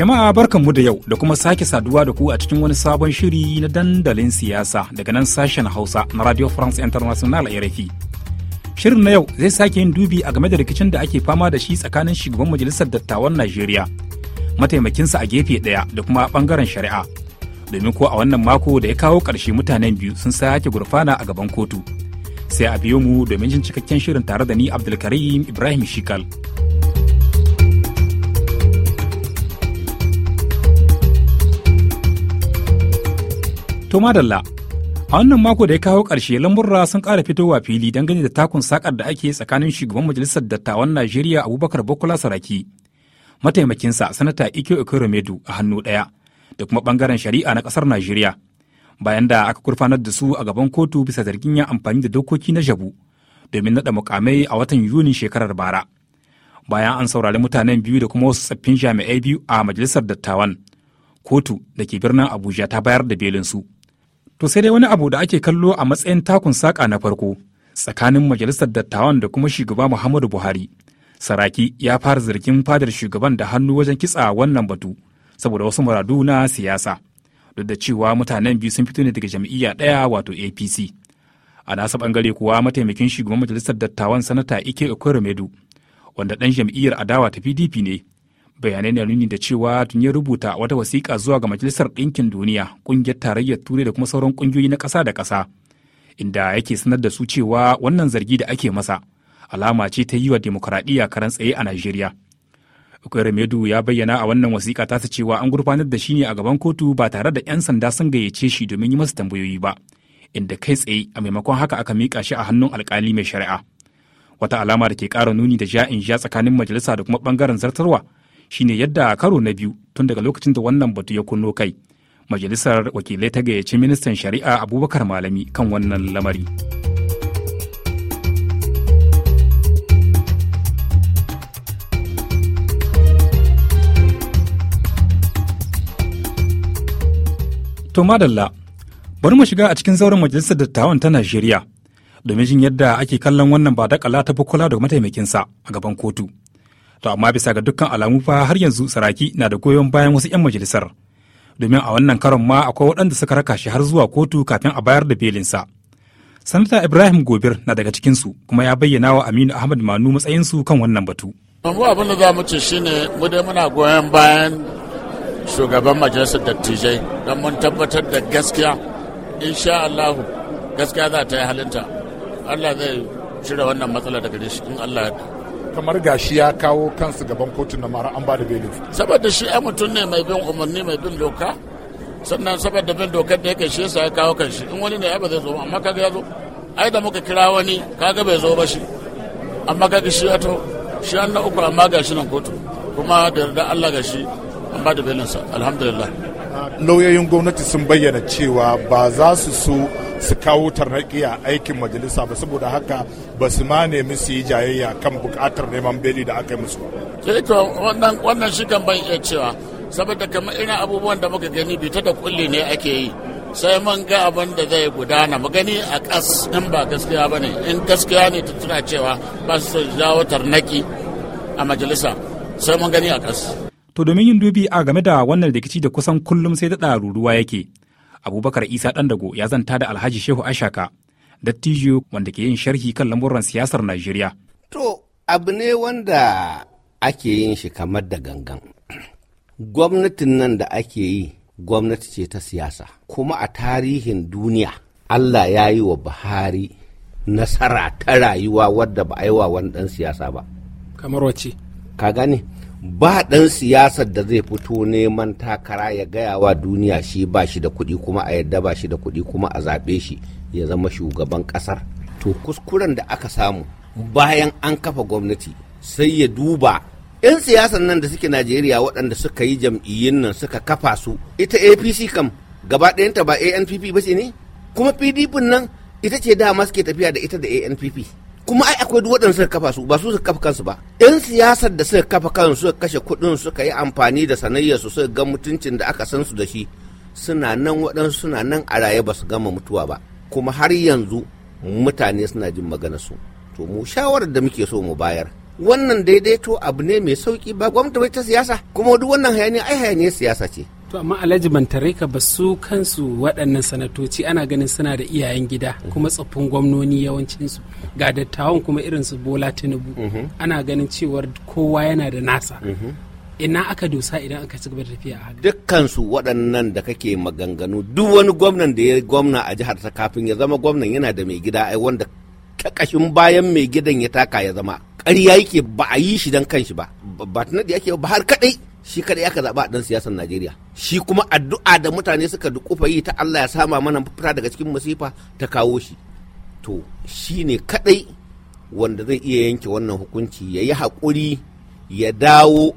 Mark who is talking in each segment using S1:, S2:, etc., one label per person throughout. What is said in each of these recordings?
S1: Jama'a barkanmu da yau da kuma sake saduwa da ku a cikin wani sabon shiri na dandalin siyasa daga nan sashen Hausa na Radio France International RFI. Shirin na yau zai sake yin dubi a game da rikicin da ake fama da shi tsakanin shugaban majalisar dattawan Najeriya, mataimakinsa a gefe ɗaya da kuma ɓangaren shari'a. Domin ko a wannan mako da ya kawo ƙarshe mutanen biyu sun sake gurfana a gaban kotu. Sai a biyo mu domin jin cikakken shirin tare da ni Abdulkarim Ibrahim Shikal. To madalla, a wannan mako da ya kawo ƙarshe lamurra sun ƙara fitowa fili dangane da takun sakar da ake tsakanin shugaban majalisar dattawan Najeriya Abubakar Bukola Saraki, mataimakinsa sanata Ikio Ikoromedu a hannu ɗaya, da kuma ɓangaren shari'a na ƙasar Najeriya. Bayan da aka kurfanar da su a gaban kotu bisa zargin yin amfani da dokoki na jabu domin naɗa mukamai a watan Yunin shekarar bara. Bayan an saurari mutanen biyu da kuma wasu tsaffin jami'ai biyu a majalisar dattawan, kotu da ke birnin Abuja ta bayar da belin su. To sai dai wani abu da ake kallo a matsayin takun saƙa na farko tsakanin majalisar dattawan da kuma shugaba Muhammadu Buhari. Saraki ya fara zargin fadar shugaban da hannu wajen kitsa wannan batu saboda wasu muradu na siyasa. Duk da cewa mutanen biyu sun fito ne daga jam'iyya ɗaya wato APC. A nasa ɓangare kuwa mataimakin shugaban majalisar dattawan sanata Ike Okoromedu wanda ɗan jam'iyyar adawa ta PDP ne bayanai na nuni da cewa tun ya rubuta wata wasiƙa zuwa ga majalisar ɗinkin duniya ƙungiyar tarayyar turai da kuma sauran ƙungiyoyi na ƙasa da ƙasa inda yake sanar da su cewa wannan zargi da ake masa alama ce ta yi wa demokuraɗiyya karan tsaye a najeriya remedu ya bayyana a wannan wasiƙa tasa cewa an gurfanar da shi ne a gaban kotu ba tare da 'yan sanda sun gayyace shi domin yi masa tambayoyi ba inda kai tsaye a maimakon haka aka miƙa shi a hannun alƙali mai shari'a wata alama da ke ƙara nuni da ja in ja tsakanin majalisa da kuma ɓangaren zartarwa shine yadda karo na biyu tun daga lokacin da wannan batu ya kunno kai majalisar wakilai ta gayyaci ministan shari'a abubakar malami kan wannan lamari to madalla bari mu shiga a cikin zauren majalisar dattawan ta najeriya domin jin yadda ake kallon wannan ba kala ta kula da mataimakinsa a gaban kotu To amma bisa ga dukkan alamu fa har yanzu Saraki na da goyon bayan wasu 'yan majalisar. Domin a wannan karon ma akwai waɗanda suka raka shi har zuwa kotu kafin a bayar da belinsa. Sanata Ibrahim Gobir na daga cikinsu kuma ya bayyana wa Aminu Ahmad Manu matsayinsu kan wannan batu.
S2: Mu abin da za mu ce shine mu dai muna goyon bayan shugaban majalisar dattijai don mun tabbatar da gaskiya insha Allah gaskiya za ta yi halinta Allah zai cire wannan matsala daga shi in Allah ya kamar gashi ya kawo kansu gaban kotun na mara an ba da belin saboda shi ai mutum ne mai bin umarni mai bin doka sannan saboda bin dokar da yake shi yasa ya kawo kanshi in wani ne ai ba zai zo amma kaga ya zo ai da muka kira wani kaga bai zo ba shi amma kaga shi ya to shi an na uku amma gashi nan kotu kuma da yarda Allah gashi an ba da belinsa alhamdulillah lauyoyin gwamnati sun bayyana cewa ba za su so su kawo tarnaki a aikin majalisa ba saboda haka ba su ma nemi su yi jayayya kan bukatar neman beli da aka yi musu ba. Eh, wannan shi kan ban iya cewa saboda kamar irin abubuwan da muka gani bita da kulli ne ake yi sai mun ga abin da zai gudana mu gani a ƙas in ba gaskiya ba ne in gaskiya ne ta tuna cewa ba su jawo tarnaƙi a majalisa sai mun gani a ƙas.
S1: To domin yin dubi a game da wannan rikici da kusan kullum sai daɗa ruruwa yake abubakar isa dandago ya zanta da alhaji shehu ashaka dattijo wanda ke yin
S3: sharhi kan lamuran siyasar najeriya to abu ne wanda ake yin shi kamar da gangan gwamnatin nan da ake yi gwamnati ce ta siyasa kuma a tarihin duniya allah ya yi wa buhari nasara ta rayuwa wadda ba a yi wa wani dan siyasa ba kamar wace ka gane ba ɗan siyasar da zai fito neman takara ya gaya wa duniya shi ba shi da kuɗi kuma a yadda ba shi da kuɗi kuma a zaɓe shi ya zama shugaban ƙasar to kuskuren da aka samu bayan an kafa gwamnati sai ya duba 'yan siyasar nan da suke najeriya waɗanda suka yi jam'iyyun nan suka kafa su ita apc kam gaba ɗayanta ba anpp ba ne kuma pdp nan ita ce dama suke tafiya da ita da anpp kuma ai akwai duk waɗanda suka kafa su ba su suka kafa kansu ba yan siyasar da suka kafa kansu suka kashe kuɗin suka yi amfani da sanayyar su suka ga mutuncin da aka san su da shi suna nan waɗansu suna nan a raye ba su gama mutuwa ba kuma har yanzu mutane suna jin maganar su to mu shawarar da muke so mu bayar wannan daidaito abu ne mai sauki ba gwamnati ta siyasa kuma duk wannan hayaniya ai hayaniyar siyasa ce
S4: to amma alhaji bantareka ba su kansu waɗannan sanatoci ana ganin suna da iyayen gida kuma tsoffin gwamnoni yawancinsu ga dattawan kuma su bola tinubu mhm. ana ganin cewar kowa yana da nasa mhm. ina aka dosa idan aka ci gaba da tafiya a haka
S3: dukkansu waɗannan da kake maganganu duk wani gwamnan da ya gwamna a jihar ta kafin ya zama gwamnan yana da mai gida ai wanda kakashin bayan mai gidan ya taka ya zama ƙarya yake ba a yi shi don kanshi ba ba ta naɗi ake ba har kaɗai shi kada ya aka zaɓa a ɗan siyasar Najeriya. Shi kuma addu'a da mutane suka dukufa yi ta Allah ya sama mana fita daga cikin masifa ta kawo shi. To shi ne kaɗai wanda zai iya yanke wannan hukunci ya yi haƙuri ya dawo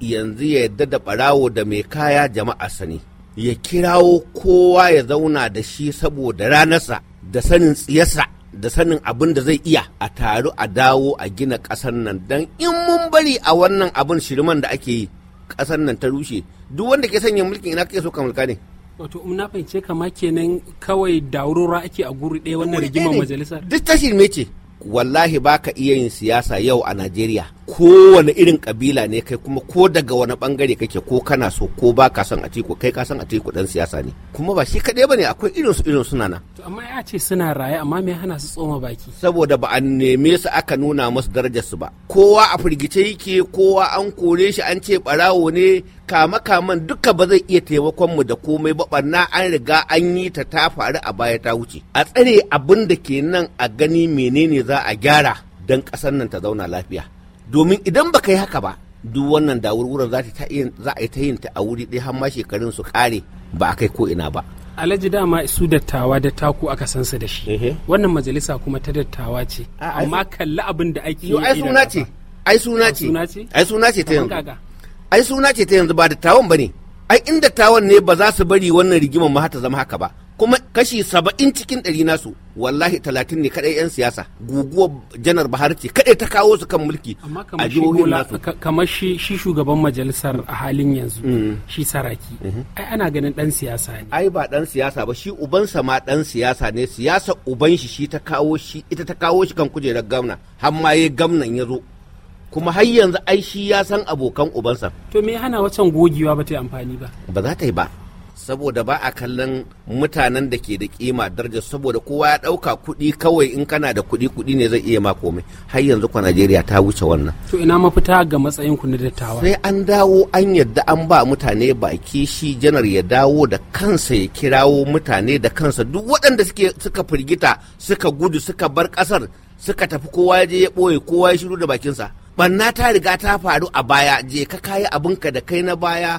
S3: yanzu ya yadda da ɓarawo da mai kaya jama'a sani. Ya kirawo kowa ya zauna da shi saboda ranarsa da sanin tsiyarsa da sanin abin da zai iya a taru a dawo a gina ƙasar nan don in mun bari a wannan abin shirman da ake yi kasar nan ta rushe duk wanda ke sanya mulkin ina kake so ka mulka ne
S4: wato um, na fahimce kama kenan kawai daurora ake a guri ɗaya wannan rigimar majalisar
S3: duk tashi mece ce wallahi baka iya yin siyasa yau a Najeriya kowane irin kabila ne kai kuma ko daga wani bangare kake ko kana so ko ba ka son tiku kai ka son tiku dan siyasa ne kuma ba shi kadai bane akwai irin su irin suna na
S4: to amma ya ce suna raye amma me hana su tsoma baki
S3: saboda ba a neme su aka nuna musu darajar su ba kowa a firgice yake kowa an kore shi an ce barawo ne kama kaman duka ba zai iya taimakon mu da komai ba barna an riga an yi ta ta faru a baya ta wuce a tsare abin da ke nan a gani menene za a gyara don ƙasar nan ta zauna lafiya domin idan baka yi haka ba duk wannan dawurwurar za a yi ta yin ta a wuri ɗaya har ma shekarun su kare ba a kai ko ina ba
S4: alhaji dama su dattawa da taku aka san su da shi wannan majalisa kuma ta dattawa
S3: ce amma kalli abin da ake yi ai suna ce ai suna ce ai suna ce ta yanzu ai suna ce ta yanzu ba dattawan bane ai inda tawon ne ba za su bari wannan rigimar ma ta zama haka ba kuma kashi saba'in cikin ɗari nasu wallahi talatin ne kaɗai 'yan siyasa guguwar janar bahar ce kaɗai ta kawo su kan mulki a jihohin nasu kamar shi
S4: shugaban majalisar a halin yanzu mm. shi saraki mm-hmm.
S3: ai ana ganin ɗan siyasa ne ai ba ɗan siyasa ba shi ubansa ma ɗan siyasa ne siyasa uban shi shi ta kawo shi ita ta kawo shi kan kujerar gwamna har ma yayi gamnan ya zo kuma har yanzu ai shi ya san abokan ubansa
S4: to me hana wacan gogewa ba ta yi amfani ba
S3: ba za ta yi ba saboda ba a kallon mutanen da ke da kima daraja saboda kowa ya ɗauka kuɗi kawai in kana da kuɗi kuɗi ne zai iya ma komai har yanzu kwa Najeriya ta wuce wannan to ina mafita ga matsayin ku na dattawa sai an dawo an yadda an ba mutane baki shi janar ya dawo da kansa ya kirawo mutane da kansa duk waɗanda suke suka firgita suka gudu suka bar ƙasar suka tafi kowa ya je ya ɓoye kowa ya shiru da bakinsa banna ta riga ta faru a baya je ka kayi abinka da kai na baya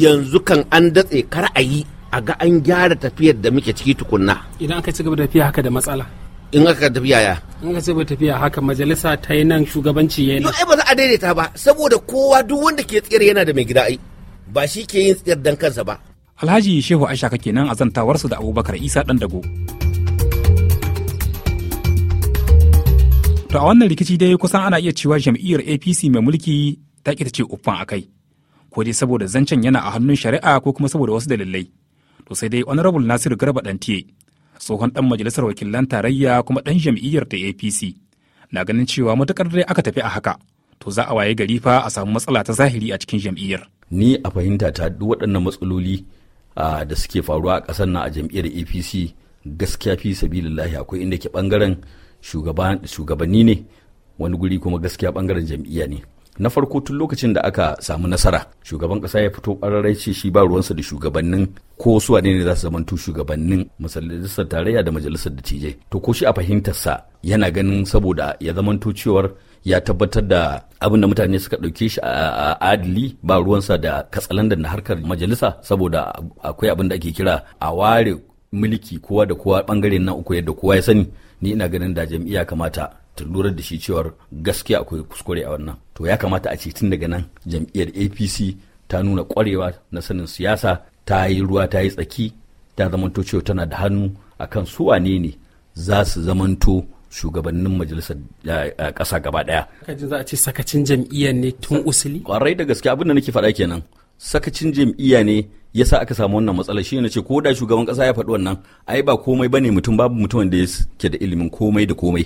S3: yanzu kan an datse kar a yi a ga an gyara tafiyar da muke ciki tukunna
S4: idan aka ci gaba da tafiya haka da matsala
S3: in aka tafiya ya
S4: in aka ci gaba tafiya haka majalisa ta yi nan shugabanci ya yi
S1: ai ba za a daidaita ba saboda kowa duk
S3: wanda ke tsira yana da mai gida ai ba shi ke yin tsiyar dan kansa ba
S1: alhaji shehu aisha kenan a zantawarsa da abubakar isa dan dago To a wannan rikici dai kusan ana iya cewa jam'iyyar APC mai mulki ta ƙi ta ce uffan a kai. Ko dai saboda zancen yana a hannun shari'a ko kuma saboda wasu dalilai. To sai dai Honorable Nasiru Garba Dantiye, tsohon dan majalisar wakilan tarayya kuma dan jam'iyyar ta APC, na ganin cewa matuƙar dai aka tafi a haka. To za a waye gari fa a samu matsala ta
S5: zahiri a cikin jam'iyyar. Ni a fahimta ta duk waɗannan matsaloli da suke faruwa a ƙasar na a jam'iyyar APC gaskiya fi sabilillahi akwai inda ke ɓangaren shugabanni ne wani guri kuma gaskiya bangaren jam'iyya ne na farko tun lokacin da aka samu nasara shugaban kasa ya fito ƙararrai ce shi ba ruwansa da shugabannin ko su ne za su zamanto shugabannin majalisar tarayya da majalisar da dattijai to ko shi a fahimtarsa yana ganin saboda ya zamanto cewar ya tabbatar da abin da mutane suka ɗauke shi a adili ba ruwansa da katsalandan na harkar majalisa saboda akwai abin da ake kira a ware mulki kowa da kowa bangare na uku yadda kowa ya sani ni ina ganin da jam'iyya kamata ta lura da shi cewar gaskiya akwai kuskure a wannan to ya kamata a ce tun daga nan jam'iyyar apc ta nuna kwarewa na sanin siyasa ta yi ruwa ta yi tsaki ta zamanto cewa tana da hannu akan su wane ne za su zamanto shugabannin majalisar eh, eh, ƙasa gaba ɗaya.
S4: Kaji za a ce sakacin jam'iyya ne tun usuli?
S5: Kwarai da gaske abin da nake faɗa kenan. Sakacin jam'iyya ne ya sa aka samu wannan matsala shi ne ce ko da shugaban kasa ya faɗi wannan ai ba komai bane mutum babu wanda da ke da ilimin komai da komai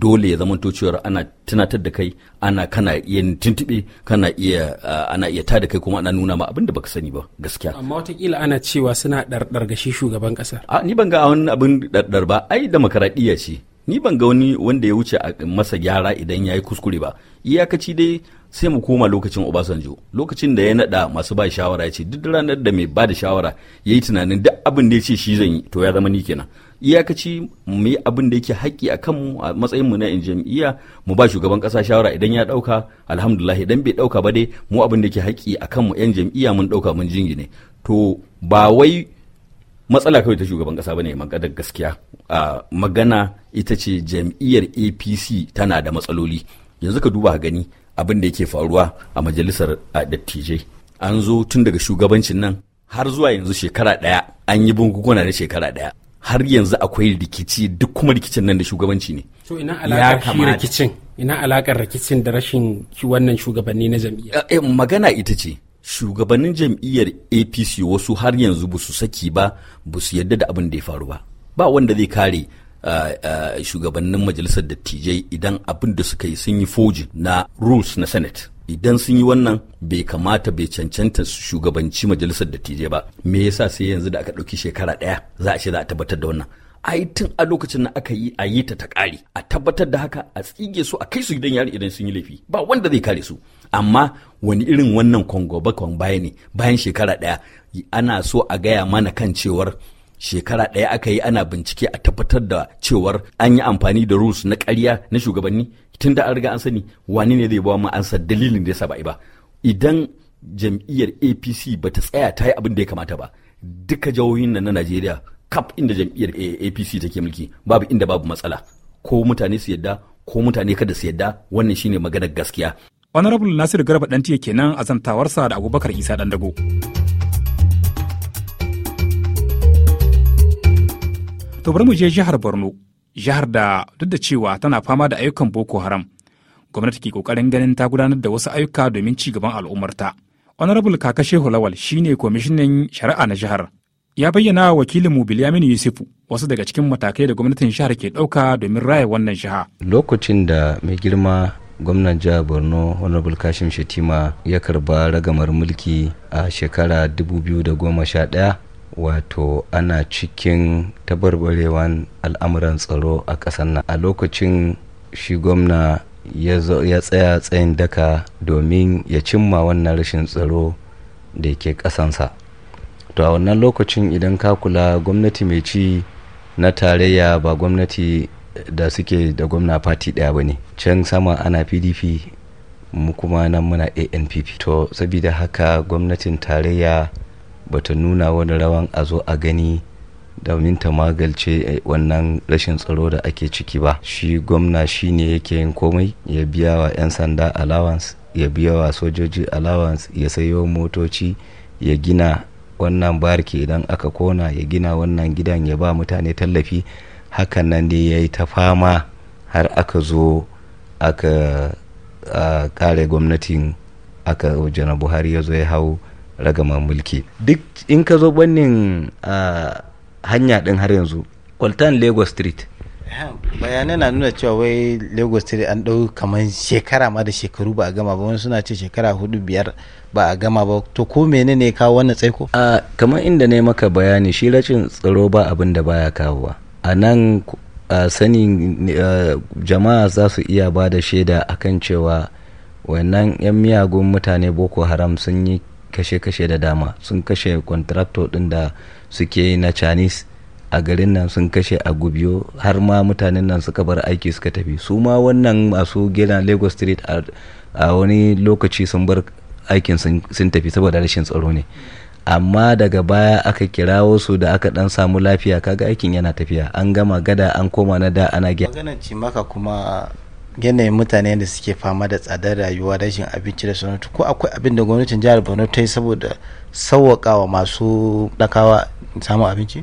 S5: dole ya zama cewa ana tunatar da kai ana kana iya tuntube kana iya ah, ana iya tada kai kuma ana nuna ma abin da baka sani ba gaskiya
S4: amma watakila ana cewa suna ɗarɗar ga shi shugaban kasa
S5: a ni ban ga wani abin ɗarɗar ba ai da ce ni ban ga wani wanda ya wuce a masa gyara idan ya yi kuskure ba iyakaci dai sai mu koma lokacin obasanjo lokacin da ya nada masu ba shawara ya ce duk ranar da mai ba da shawara ya yi tunanin duk abin da ya ce shi zan yi to ya zama ni kenan iyakaci mu yi abin da yake haƙƙi a kanmu a matsayin mu na yan jam'iyya mu ba shugaban ƙasa shawara idan ya ɗauka alhamdulillah idan bai ɗauka ba dai mu abin da yake haƙƙi a kanmu yan jam'iyya mun ɗauka mun jingine to ba wai matsala kawai ta shugaban ƙasa bane magana gaskiya a magana ita ce jam'iyyar APC tana da matsaloli yanzu ka duba gani abin da yake faruwa a majalisar dattijai an zo tun daga shugabancin nan har zuwa yanzu shekara ɗaya an yi bunguguna na shekara ɗaya har yanzu akwai rikici duk kuma rikicin nan da shugabanci ne
S4: to ina alaƙar shi rikicin ina alaƙar rikicin da rashin wannan shugabanni na jam'iyyar?
S5: Eh, eh magana ita ce shugabannin jam'iyyar APC wasu har yanzu ba su saki ba ba su yarda da abin da ya faru ba ba wanda zai kare shugabannin majalisar dattijai idan abin da suka yi sun yi foji na rules na senate idan sun yi wannan bai kamata bai cancanta shugabanci majalisar dattijai ba me yasa sai yanzu da aka ɗauki shekara ɗaya za a ce za a tabbatar da wannan ai tun a lokacin da aka yi a yi ta ta kare a tabbatar da haka a tsige su a kai su gidan yari idan sun yi laifi ba wanda zai kare su amma wani irin wannan kongo bakon baya ne bayan shekara ɗaya ana so a gaya mana kan cewar shekara ɗaya aka yi ana bincike a tabbatar da cewar an yi amfani da rules na ƙarya na shugabanni tun da an riga an sani wani ne zai ba mu ansa dalilin da ya saba ba idan jam'iyyar apc ba ta tsaya ta yi abin da ya kamata ba duka jihohin nan na najeriya kap inda jam'iyyar apc take mulki babu inda babu matsala ko mutane su yadda ko mutane kada su yadda wannan shine maganar gaskiya honorable nasiru garba dantiya kenan
S1: azantawarsa da abubakar isa dandago To bari mu je jihar Borno, jihar da duk da cewa tana fama da ayyukan Boko Haram. Gwamnati ke kokarin ganin ta gudanar da wasu ayyuka domin ci gaban al'ummarta. Honorable Kaka Shehu Lawal shine kwamishinan shari'a na jihar. Ya bayyana wa mu Bilyaminu Yusufu wasu daga cikin matakai da gwamnatin jihar ke ɗauka domin raya wannan jiha.
S6: Lokacin da mai girma gwamnan jihar borno honorable kashim shetima ya karba ragamar mulki a shekara 2011 wato ana cikin tabarbarewan al'amuran tsaro a ƙasar nan a lokacin shi gwamna ya tsaya tsayin daka domin ya cimma wannan rashin tsaro da ke ƙasansa to a wannan lokacin idan ka kula gwamnati mai ci na tarayya ba gwamnati da suke da gwamna fati ɗaya ba ne can sama ana pdp mu kuma nan muna anpp to sabida haka gwamnatin tarayya bata nuna wani rawan a zo a gani domin ta magalce eh, wannan rashin tsaro da ake ciki ba shi gwamna shi shine yake yin komai ya biya wa 'yan sanda allowance ya biya wa sojoji allowance ya sayo motoci ya gina wannan barki idan aka kona ya gina wannan gidan ya ba mutane tallafi hakan nan ne ya yi ta fama har aka zo aka kare gwamnatin aka janar buhari ya zo ya hau ragaman mulki duk in ka zo bannin hanya din har yanzu kwaltan lagos street bayanai na nuna cewa wai lagos street an ɗau kamar shekara ma da shekaru ba a gama ba wani suna ce shekara hudu biyar ba a gama ba to ko mene ne kawo wannan tsaiko a kamar inda ne maka bayani shi rashin tsaro ba abin da baya kawowa a nan sanin jama'a za su iya ba da shaida akan cewa wannan 'yan miyagun mutane boko haram sun yi kashe-kashe da dama sun kashe kwantarakto ɗin da suke na chinese a garin nan sun kashe a gubiyo har ma mutanen nan suka bar aiki suka tafi su ma wannan masu gina lagos street a wani lokaci sun bar aikin sun tafi saboda rashin tsaro ne amma daga baya aka kirawo su da aka dan samu lafiya kaga aikin yana tafiya an gama gada an koma na da ana gina maganar cimaka kuma yanayin mutane da suke fama da tsadar rayuwa rashin abinci da sauransu ko akwai abin da gwamnatin jihar borno ta yi saboda wa masu ɗakawa samun abinci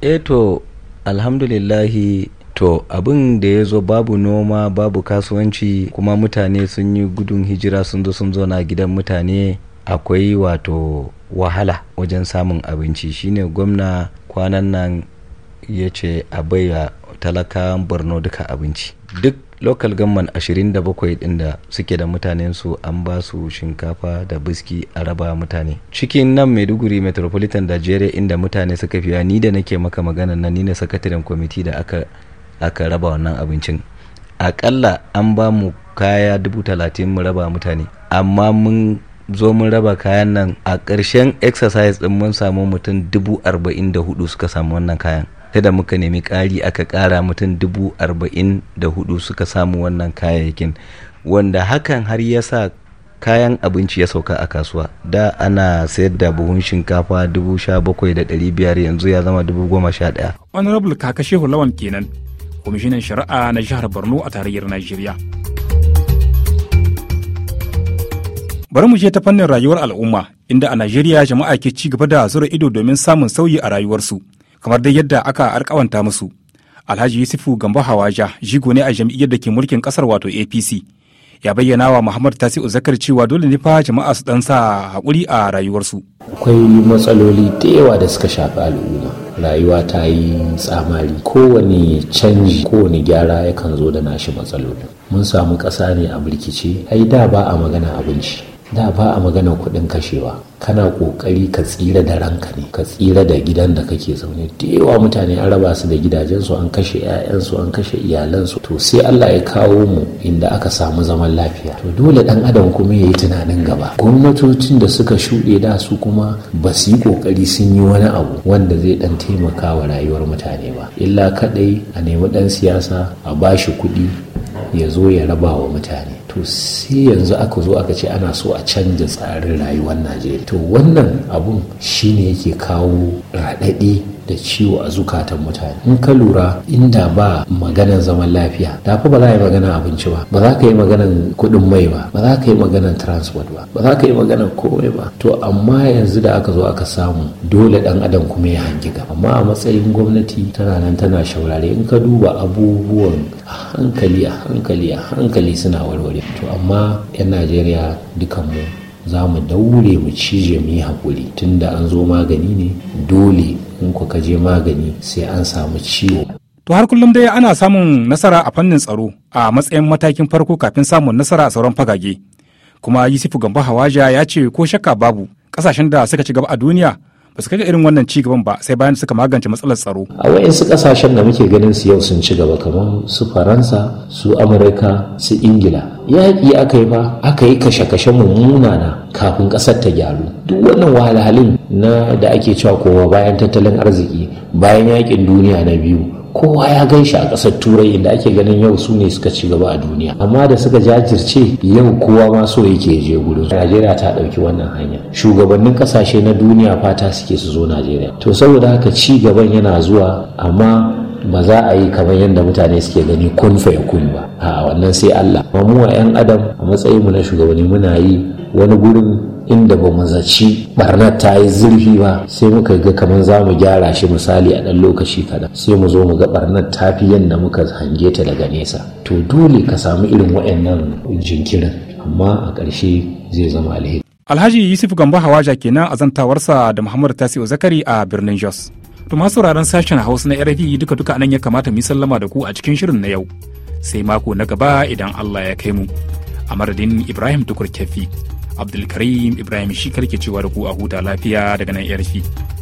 S6: eh to alhamdulillahi to abin da ya zo babu noma babu kasuwanci kuma mutane sun yi gudun hijira sun zo sun zauna gidan mutane akwai wato wahala wajen samun abinci shine gwamna kwanan nan ya ce a baiwa talakawan borno duka abinci duk local government 27 din da suke da mutanen su an ba su shinkafa da biski a raba mutane cikin nan maiduguri metropolitan da jere inda mutane suka fiya ni da nake maka magana na, ni ne sakataren kwamiti da aka aka raba wannan abincin akalla an ba mu kaya dubu talatin mu raba mutane amma mun zo mun raba kayan nan a ƙarshen exercise din mun samu mutum dubu arba'in da hudu suka samu wannan kayan sai da muka nemi ƙari aka ƙara mutum dubu arba'in da hudu suka samu wannan kayayyakin wanda hakan har ya sa kayan abinci ya sauka a kasuwa da ana sayar da buhun shinkafa dubu sha bakwai da ɗari biyar yanzu ya zama dubu goma sha ɗaya.
S1: honorable kaka shehu lawan kenan kwamishinan shari'a na jihar borno a tarayyar najeriya
S6: bari mu je ta fannin
S1: rayuwar al'umma inda a najeriya jama'a ke ci gaba da zura ido domin samun sauyi a rayuwarsu kamar dai yadda aka alkawanta musu alhaji yusufu gambo hawaja jigo ne a jam'iyyar da ke mulkin kasar wato apc ya bayyana wa muhammad tasi'u zakar cewa dole ne fa jama'a su dan sa haƙuri a rayuwarsu
S7: akwai matsaloli da yawa da suka shafi al'umma rayuwa ta yi tsamari kowane canji kowane gyara yakan zo da nashi matsaloli mun samu ƙasa ne a birkice ai da ba a magana abinci da ba a magana kuɗin kashewa kana ƙoƙari ka tsira da ranka ne ka tsira da gidan da kake zaune da yawa mutane an raba su da gidajensu an kashe 'ya'yansu an kashe iyalansu to sai Allah ya kawo mu inda aka samu zaman lafiya to dole ɗan adam kuma ya yi tunanin gaba gwamnatocin da suka shuɗe da su kuma ba su yi ƙoƙari sun yi wani abu wanda zai ɗan taimaka wa rayuwar mutane ba illa kaɗai a nemi ɗan siyasa a bashi kuɗi ya zo ya raba wa mutane to sai yanzu aka zo aka ce ana so a canza tsarin rayuwar najeriya to wannan abun shine yake kawo raɗaɗi da ciwo a zukatan mutane in ka lura inda ba maganan zaman lafiya da fa ba za a yi maganan abinci ba ba za ka yi maganan kuɗin mai ba ba za ka yi maganan transport ba ba za ka yi maganan komai ba to amma yanzu da aka zo aka samu dole dan adam kuma ya hangi gaba amma a matsayin gwamnati tana nan tana shaurare in ka duba abubuwan a hankali a hankali a hankali suna warware to amma 'yan najeriya dukanmu za mu daure mu cije mu yi haƙuri tunda an zo magani ne dole in ku ka je magani sai an samu ciwo to har kullum dai ana samun nasara a fannin tsaro a
S1: matsayin matakin farko kafin samun nasara a sauran fagage kuma yusufu gamba hawaja ya ce ko shakka babu kasashen da suka ci gaba a duniya ba su kai irin wannan ci gaban ba sai bayan suka magance
S7: matsalar tsaro a wayansu kasashen da muke ganin su yau sun ci gaba kamar su faransa su amurka su ingila yaƙi aka yi ba aka yi kashe-kashe mummuna na, kafin ƙasar ta gyaru duk wannan wahalhalin na da ake cewa kowa bayan tattalin arziki bayan yaƙin duniya na biyu kowa ya gan shi a ƙasar turai inda ake ganin yau su ne suka ci gaba a duniya amma da suka jajirce yau kowa ma so yake je gurin najeriya ta ɗauki wannan hanya shugabannin ƙasashe na duniya fata suke su zo najeriya to saboda haka ci gaban yana zuwa amma ba za a yi kamar yadda mutane suke gani kun fa kun ba a wannan sai Allah Ba mu 'yan adam a matsayin mu na shugabanni muna yi wani gurin inda ba mu zaci barnar ta yi zurfi ba sai muka ga kamar za mu gyara shi misali a ɗan lokaci kaɗan sai mu zo mu ga barnar ta fi yadda muka hange ta daga nesa to dole ka samu irin waɗannan jinkirin amma a ƙarshe zai zama alheri Alhaji
S1: Yusuf Gambo Hawaja kenan a zantawarsa da Muhammadu Tasi'u Zakari a birnin Jos. To ma sauraron sashen Hausa na RFI duka duka nan ya kamata mu sallama da ku a cikin shirin na yau. Sai mako na gaba idan Allah ya kai mu. A madadin Ibrahim Tukur Kefi, Abdulkarim Ibrahim shi karke cewa da ku a huta lafiya daga nan RFI.